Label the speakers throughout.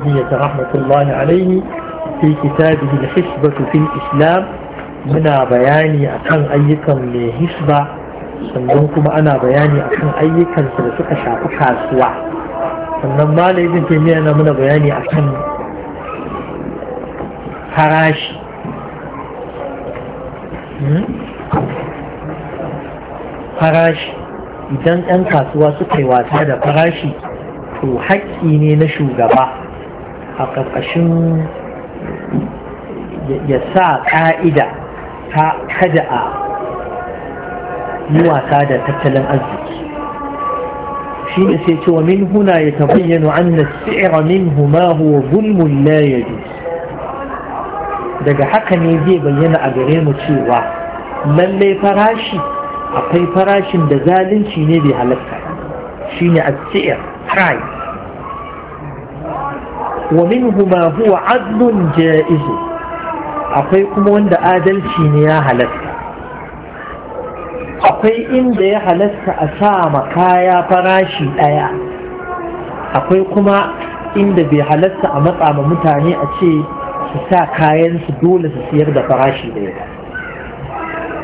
Speaker 1: رحمة الله عليه في كتابه الحسبة في الإسلام منا بياني أكن أيكم لحسبة سننكم أنا بياني أكن أيكم سلسك شعبك أسوع sannan mala ibn taymiya na muna bayani akan farashi farashi idan 'yan kasuwa suka yi wasa da farashi to haƙƙi ne na shugaba حقق شون يساق عائدة خدأ يواسادة تتلم أزج في نسيت ومن هنا يتبين أن السعر منه ما هو ظلم لا يجوز دقى حقا يجي بينا أقريم سيوا من لي فراشي أقري فراشي بذالين شيني بها لك شيني السعر price ومنه ما هو عدل جائز أقيكم وند آدل شيني يا حلت أقي إن دي حلت أسامة كايا فراشي أيا أقيكم إن دي حلت أمطع ممتعني أتي سسا كايا سدول سسير دي فراشي دي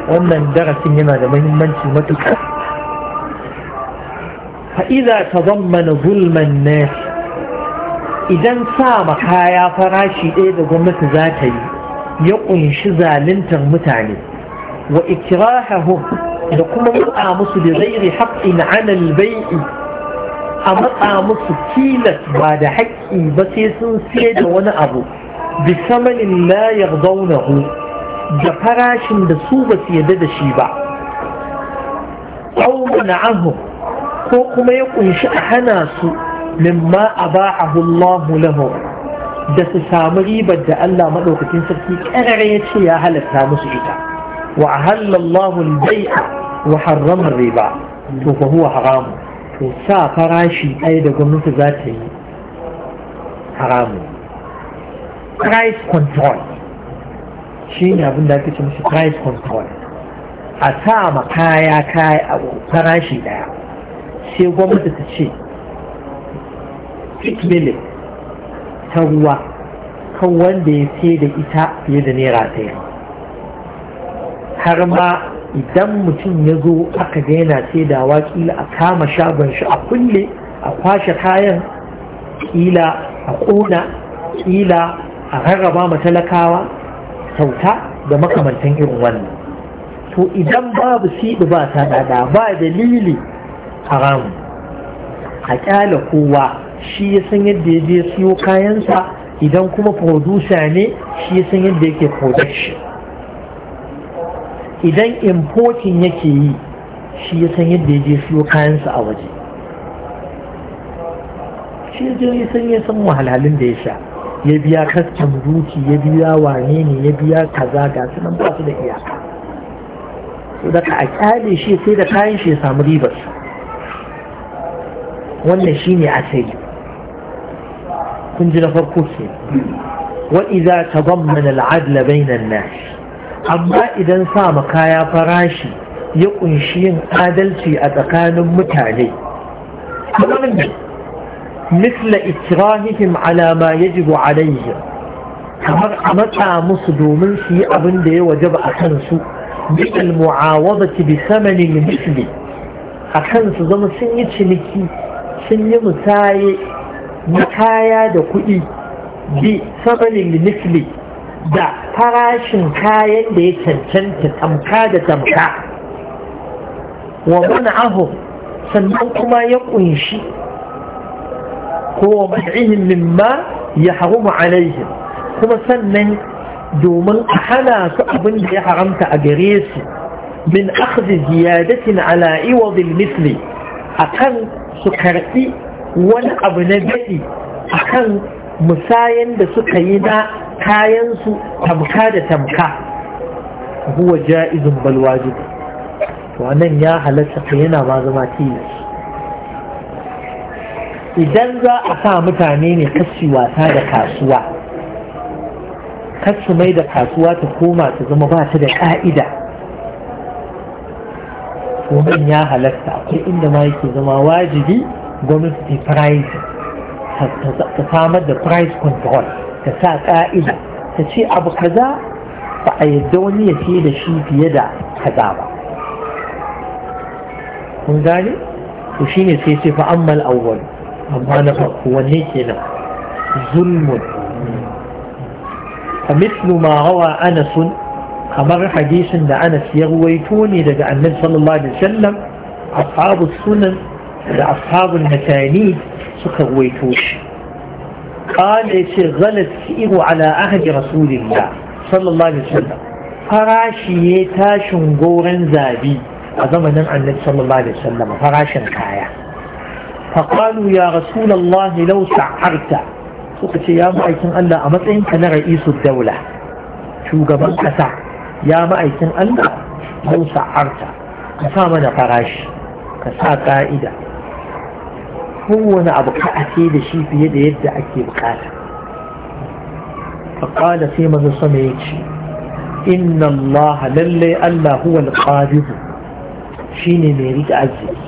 Speaker 1: ومن درس ينا دمين من سمتك فإذا تضمن ظلم الناس idan sa ma kaya farashi ɗaya da gwamnati za ta yi ya ƙunshi zaluntar mutane wa ikrahahum da kuma matsa musu da zairi haƙƙin anal bai'i a matsa musu tilas ba da haƙƙi ba sai sun siye da wani abu bisamanin la yardaunahu da farashin da su ba su yarda da shi ba aw mana'ahu ko kuma ya kunshi a hana su مما أباعه الله له دس سامري بدا ألا مدوك تنسكي كرعيت يا هل السامس إيتا وأهل الله البيع وحرم الربا فهو حرام وسا فراشي أيضا قمت ذاتي حرام Christ control shi ne abin da ake ce mashi price control a sa ma kaya kaya a farashi daya sai gwamnati ta ce ikmilin ta ruwa kan wanda ya sai da ita fiye da naira ɗaya har ma idan mutum ya zo aka ga yana saidawa kila a kama shagon shi a kulle a kwashe kayan kila a ƙona kila a rarraba talakawa kyauta da makamantan irin wannan to idan babu siɗi ba ta ba dalili haramu a ƙyala kowa shi ya san yadda ya je siyo kayansa idan kuma producer ne shi ya san yadda yake production idan importing yake yi shi ya san yadda ya je siyo kayansa a waje shi ya san ya san wahalhalin da ya sha ya biya kaskan duki ya biya wane ne ya biya kaza ga su nan ba su da iyaka so da ka a kyale shi sai da kayan shi ya samu ribar wannan shi ne asali kun ji na farko ce wa'iza ta gwamnan al'adla bainan amma idan sa kaya farashi ya kunshi yin adalci a tsakanin mutane kamar ne misla ikirahihim alama ya jibu alayhim kamar a matsa musu domin su yi abin da ya wajaba a kansu bisa ki bi samanin misli a kansu zama sun yi ciniki sun yi musaye na kaya da kuɗi bi sabalin misli da farashin kayan da ya cancanta tamka da tamka wa mana aho sannan kuma ya ƙunshi ko wa mat'ihin mimma ya haramu alaihim kuma sannan domin a hana su abin da ya haramta a gare su min akhdhi ziyadatin ala iwadil misli akan su karɓi wani abu na daɗi a kan musayen da suka yi na kayansu tamka da tamka huwa ja'izun balwajib wannan ya halatta ka yana ma zama idan za a sa mutane ne kashi wasa da kasuwa kasu mai da kasuwa ta koma ta zama ba ta da ka'ida wannan ya halatta akwai inda ma yake zama wajibi gwamnati price ta samar da price control ta sa ka'ida ta ce abu kaza ba a yadda wani ya fiye da shi fiye da kaza ba kun gane to shi ne sai sai fa ammal awwal amma na farko wanne ke nan zulmun فمثل ما روى أنس أمر حديث أنس يرويتوني لدى النبي صلى الله عليه وسلم أصحاب السنن da ashabul matani suka ruwaito shi قال يشي غلط سئر على أهد رسول الله صلى الله عليه وسلم فراشي تاشن غورن زابي أزمنا عن النبي صلى الله عليه وسلم فراشا كايا فقالوا يا رسول الله لو سعرت سقط يا مأيكن ألا أمتعين كان رئيس الدولة شو قبل أسع يا مأيكن ألا لو سعرت كسامنا فراشي كسا قائدة kowane abu ka a da shi fiye da yadda ake bukata faƙada sai maza sama ya ce inna Allah lallai Allah huwa alqabidu shine mai rike arziki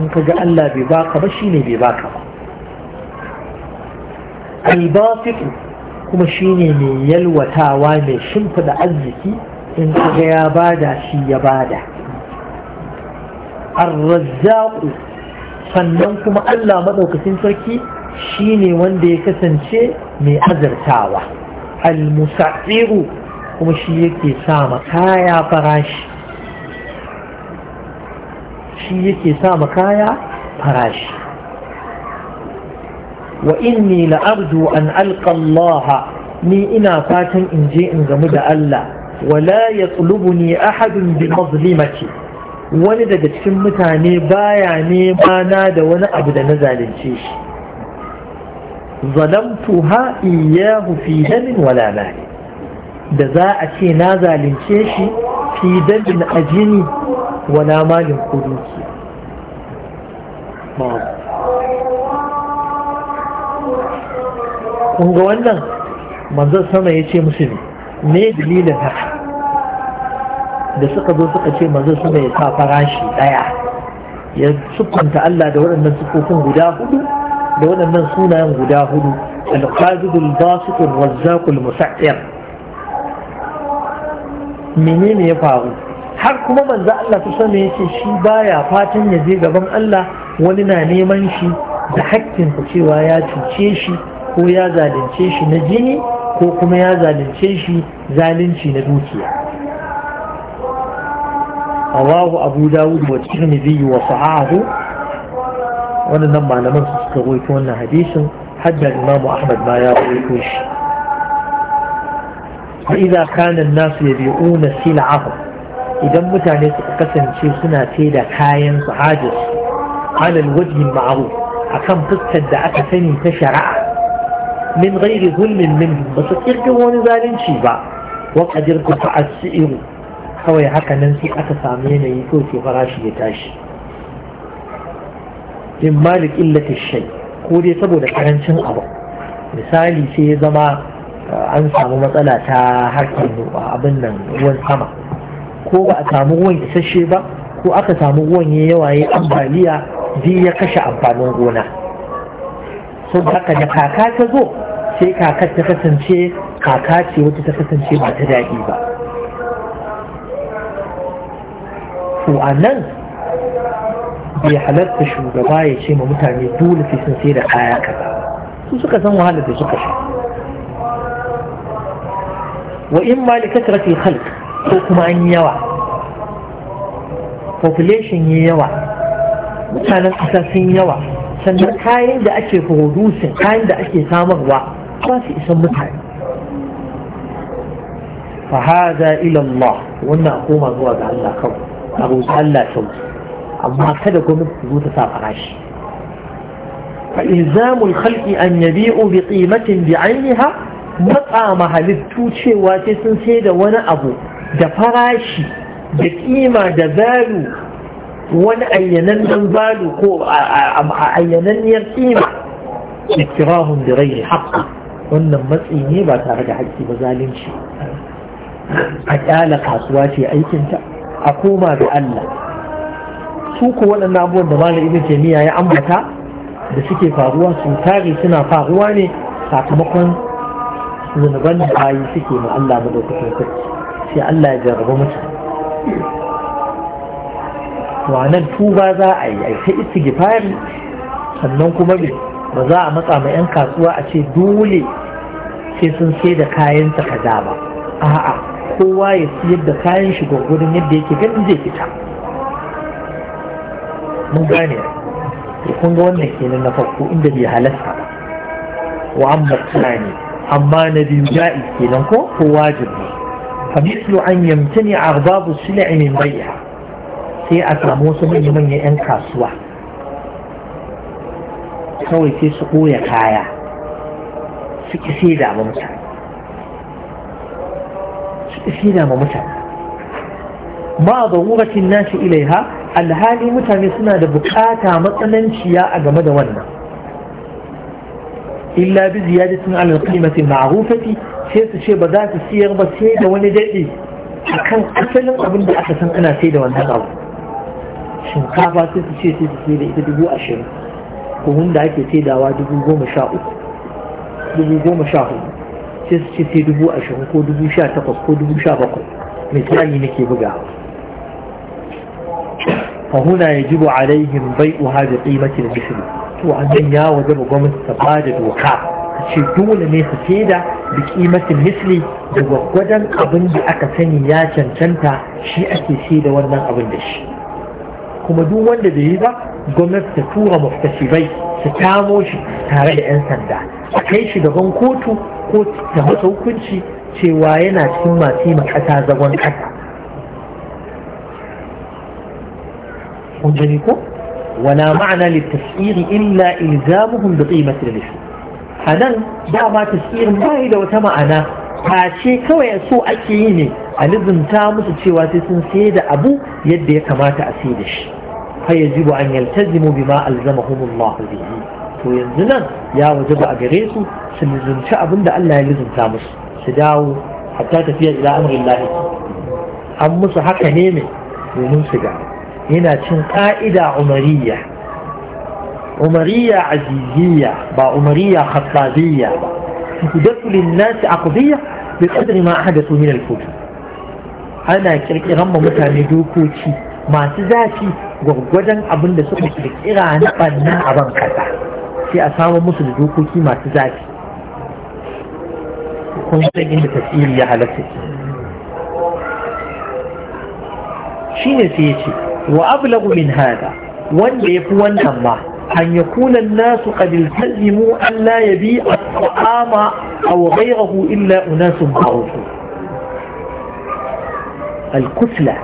Speaker 1: in ka ga Allah bai baka ba shine bai baka ba albafitu kuma shine mai yalwatawa mai shimfida arziki in ka ga ya bada shi ya bada الرزاق sannan kuma Allah maɗaukacin sarki shi ne wanda ya kasance mai azartawa al-musa'iru kuma shi yake sama kaya farashi shi yake sama kaya farashi wa inni la'arju an alƙallaha ni ina fatan in je in gamu da Allah wala ya tsulubuni ahadun bi mazlimaci wani daga cikin mutane baya nema na da wani abu da na zalunce shi ha iyahu fi damin wala mali da za a ce na zalunce shi fi damin ajini wala malin kuduki kun ga wannan manzon sama ya ce musu ne dalilin haka da suka zo suka ce manzo su mai sa farashi ɗaya ya sukunta Allah da waɗannan sufofin guda hudu da waɗannan sunayen guda hudu alqabidul basitul razzaqul musa'ir menene ya faru har kuma manzo Allah su sani yace shi baya fatan ya je gaban Allah wani na neman shi da hakkin ku cewa ya cuce shi ko ya zalunce shi na jini ko kuma ya zalunce shi zalunci na dukiya رواه أبو داود والترمذي وصححه وننم على من تستغيثون حديث حتى الإمام أحمد ما يرويكوش فإذا كان الناس يبيعون سلعهم إذا متعني قسم شيخنا سنة سيدة كاين حاجز على الوجه المعروف أكم قصة دعك سني تشرع من غير ظلم منهم بس تركوا نزال شيبا وقد يركوا السئر kawai haka nan sai aka samu yanayi ko sai farashi ya tashi in malik illati shay ko dai saboda karancin abu misali sai ya zama eh, an samu matsala ta harkar abin nan ruwan sama ko ba a samu ruwan isasshe ba ko aka samu ruwan ya yawa ya ambaliya duk ya kashe amfanin gona sun haka da kaka ta zo sai kakar ta kasance kaka ce wata ta kasance ba ta daɗi ba to a nan bai halatta shugaba ya ce ma mutane dole sai sun sai da kaya kaza su suka san wahala da suka sha wa in ma li kasratil khalq ko kuma an yawa population yi yawa mutanen ƙasa sun yawa sannan kayan da ake producing kayan da ake samarwa ba su isan mutane fa hada ila Allah wannan a koma zuwa ga Allah kawai a roƙi Allah sauki amma kada gwamnati ta zo ta sa farashi fa ilzamul khalqi an yabi'u bi qimatin bi ha matsa mahalittu cewa sai sun sai da wani abu da farashi da kima da zalu wani ayyanannen zalu ko ayyananniyar kima ikirahun da rai haƙƙa wannan matsi ne ba tare da haƙƙi ba zalunci a ƙyala kasuwa ce aikinta a koma da Allah su ku waɗanda abubuwan da malam ibn taymiya ya ambata da suke faruwa su tare suna faruwa ne sakamakon zunuban da bayi suke ma Allah madaukakin sarki sai Allah ya jarraba mutane wannan tuba za a yi a ta istighfari sannan kuma ba za a matsa ma 'yan kasuwa a ce dole sai sun sai da kayan kaza ba a'a kowa ya siyar da kayan shi gwargwadon yadda yake gani zai fita mun gane ya kun ga wannan kenan na farko inda bai halasta wa amma tsani amma na biyu ja'i kenan ko ko wajibi fa an yamtani arbabu sil'i min bai'a sai a samu wasu manya manyan yan kasuwa kawai sai su ɓoye kaya su ki sai da mutane سينام متى ما ضرورة الناس إليها أن هذه متى يسنى لبكاتا مطلن شياء جمد ونا إلا بزيادة على القيمة المعروفة سيرت شيء بذات السير بسيدة ونجئي أكان أسل أبن بأسسا أنا سيدة وانها الأرض شنقافة سيرت شيء سيرت شيء سيرت شيء دبو أشير وهم دعيك سيدة وادبو جوم شاء دبو جوم ستين ستين دبو أشهر كو دبو شا تقص كو دبو شا بقل مثالي نكي بقى فهنا يجب عليهم بيء هذه قيمة المثل وعندن يا وزر قومت تبادد وقع الشيء دول ميخ سيدة بقيمة المثل دو قدن قبن بأك سني يا شن شنتا شيء أكي سيدة ونن قبن بش كما دون وند بيبا قومت تتورى مفتشي بي ستاموش تاريع انسان ده a kai shi gaban kotu ko ta masa hukunci cewa yana cikin masu yi makasa zagon kasa kun gani ko wala ma'ana littafsiri illa ilzamuhum bi qimati al-islam anan dama tafsirin bai da wata ma'ana ce kawai so ake yi ne a lizinta musu cewa sai sun sai da abu yadda ya kamata a sai da shi fa yajibu an yaltazimu bima alzamahumullahu bihi to yanzu nan ya waje ba a gare su su lizunci abin da Allah ya lizunta musu su dawo hatta tafiya ila amrin lahi an musu haka ne mai domin su ga yana cin ka'ida umariya umariya aziziyya ba umariya khattabiyya ba tudafu a aqdiyya bi qadri ma ahdathu min al ana kirkiran ma mutane dokoki masu zafi gwaggwadan abin da suka kirkira na banna a ban kasa sai a samu musu da dokoki masu zafi kuma sai inda tasiri ya halatta shi ne sai ce wa ablagu min hada wanda ya fi wannan ma an ya kuna nasu kadil talimu an ya bi a ta'ama a wa bayahu illa unasun ba'utu al-kutla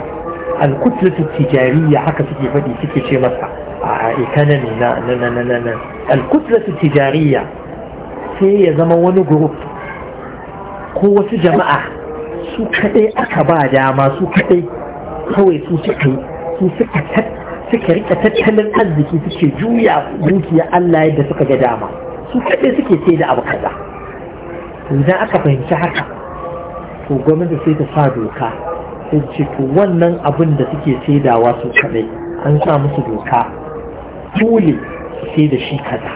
Speaker 1: al-kutla tijariya haka suke faɗi suke ce masa economy na na na na na alkutlatu tijariya sai ya zama wani group ko wasu jama'a su kadai aka ba dama su kadai kawai su suka suka rika tattalin arziki suke juya dukiya Allah yadda suka ga dama su kadai suke sai da abu kaza idan aka fahimci haka to gwamnati sai ta sa doka sai ce to wannan abin da suke saidawa su kadai an sa musu doka dole sai da shi kaza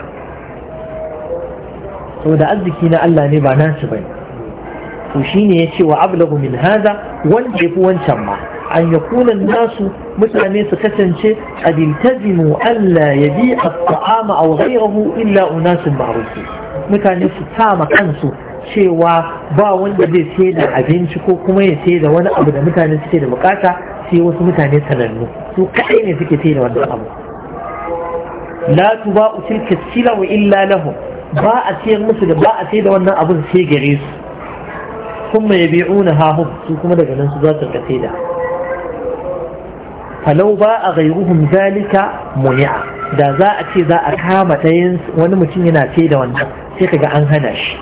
Speaker 1: saboda arziki na Allah ne ba nasu bane to shine ya wa ablagu min hada wanda yafi wancan ma an yakunan nasu mutane su kasance qad Allah ya bi at-ta'ama aw ghayrahu illa unasun ma'rufun mutane su tama kansu cewa ba wanda zai sai da abinci ko kuma ya sai da wani abu da mutane suke da bukata sai wasu mutane sanannu su kaɗai ne suke sai da wannan abu la tuba tilka sila wa illa lahu ba a sayar musu da ba a sayar da wannan abin sai gare su kuma ya bi'una ha hum su kuma su za su da falau ba a muni'a da za a ce za a kama tayin wani mutum yana sai da wannan sai kaga an hana shi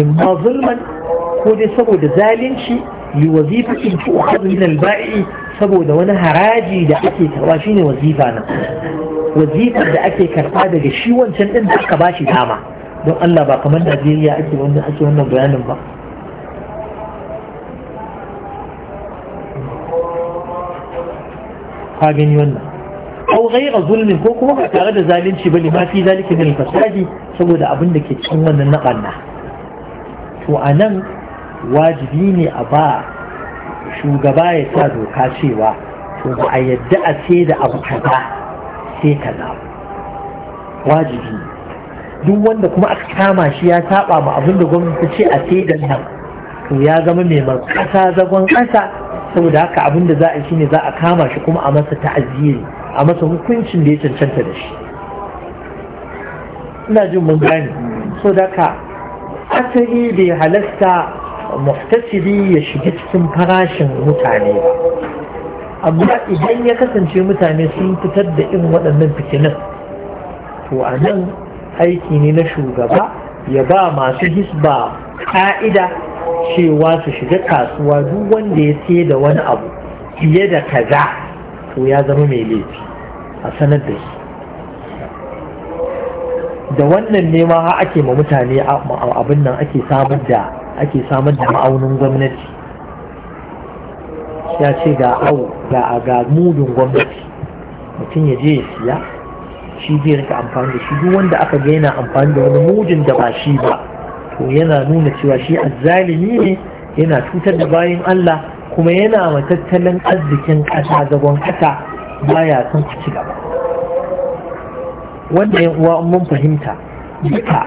Speaker 1: in ma zulman ko dai saboda zalunci li wazifatin tu'khadhu min al-ba'i saboda wani haraji da ake karba shine wazifa nan wazifar da ake karɓa daga shi wancan ɗin da aka bashi dama don Allah ba kamar Najeriya ake wannan ake wannan bayanin ba ka gani wannan aw ghayra zulmin ko kuma ba tare da zalunci bane ma fi zalika min fasadi saboda abin da ke cikin wannan na banna to anan wajibi ne a ba shugaba ya sa doka cewa to ba a yadda a ce da abu kaza sai wajibi duk wanda kuma aka kama shi ya saba ma abin da gwamnati ta ce a sai nan to ya zama mai kasa zagon kasa saboda haka abin da za a shi ne za a kama shi kuma a masa ta'aziri a masa hukuncin da ya cancanta da shi ina jin mun gane so da ka asali bai halasta muhtasibi ya shiga cikin farashin mutane ba amma idan ya kasance mutane sun fitar da irin waɗannan fitinin to a nan aiki ne na shugaba ya ba masu hisba ka'ida cewa su shiga kasuwa duk wanda ya sai da wani abu fiye da kaza to ya zama mai laifi a sanar da shi da wannan nema ake ma mutane abin nan ake samar da ma'aunin gwamnati ya ce ga au ga a ga mudun gwamnati mutum ya je ya siya shi zai rika amfani da shi duk wanda aka ga yana amfani da wani mudun da ba shi ba to yana nuna cewa shi azzalimi ne yana cutar da bayan Allah kuma yana ma tattalin arzikin kasa zagon ƙasa baya son ku ci gaba wanda yan uwa mun fahimta duka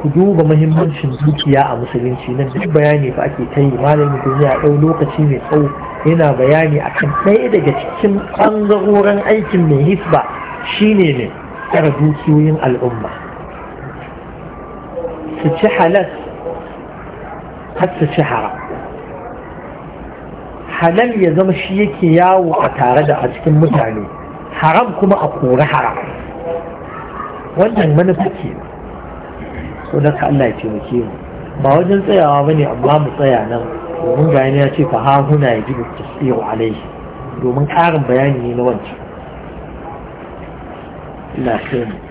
Speaker 1: ku duba mahimmancin dukiya a musulunci nan duk bayani fa ake ta yi malamin duniya ɗau lokaci mai tsawo yana bayani akan ɗaya daga cikin ɓangarorin aikin mai hisba shine ne tsara dukiyoyin al'umma su ci halas har su ci haram halal ya zama shi yake yawo a tare da a cikin mutane haram kuma a kori haram wannan manufa ke Ko da ka Allah ya taimake mu ba wajen tsayawa ba ne amma mu tsaya nan domin ga ya ce fa ha huna ya ji tasiru alaihi domin karin bayani ne na wancan na kai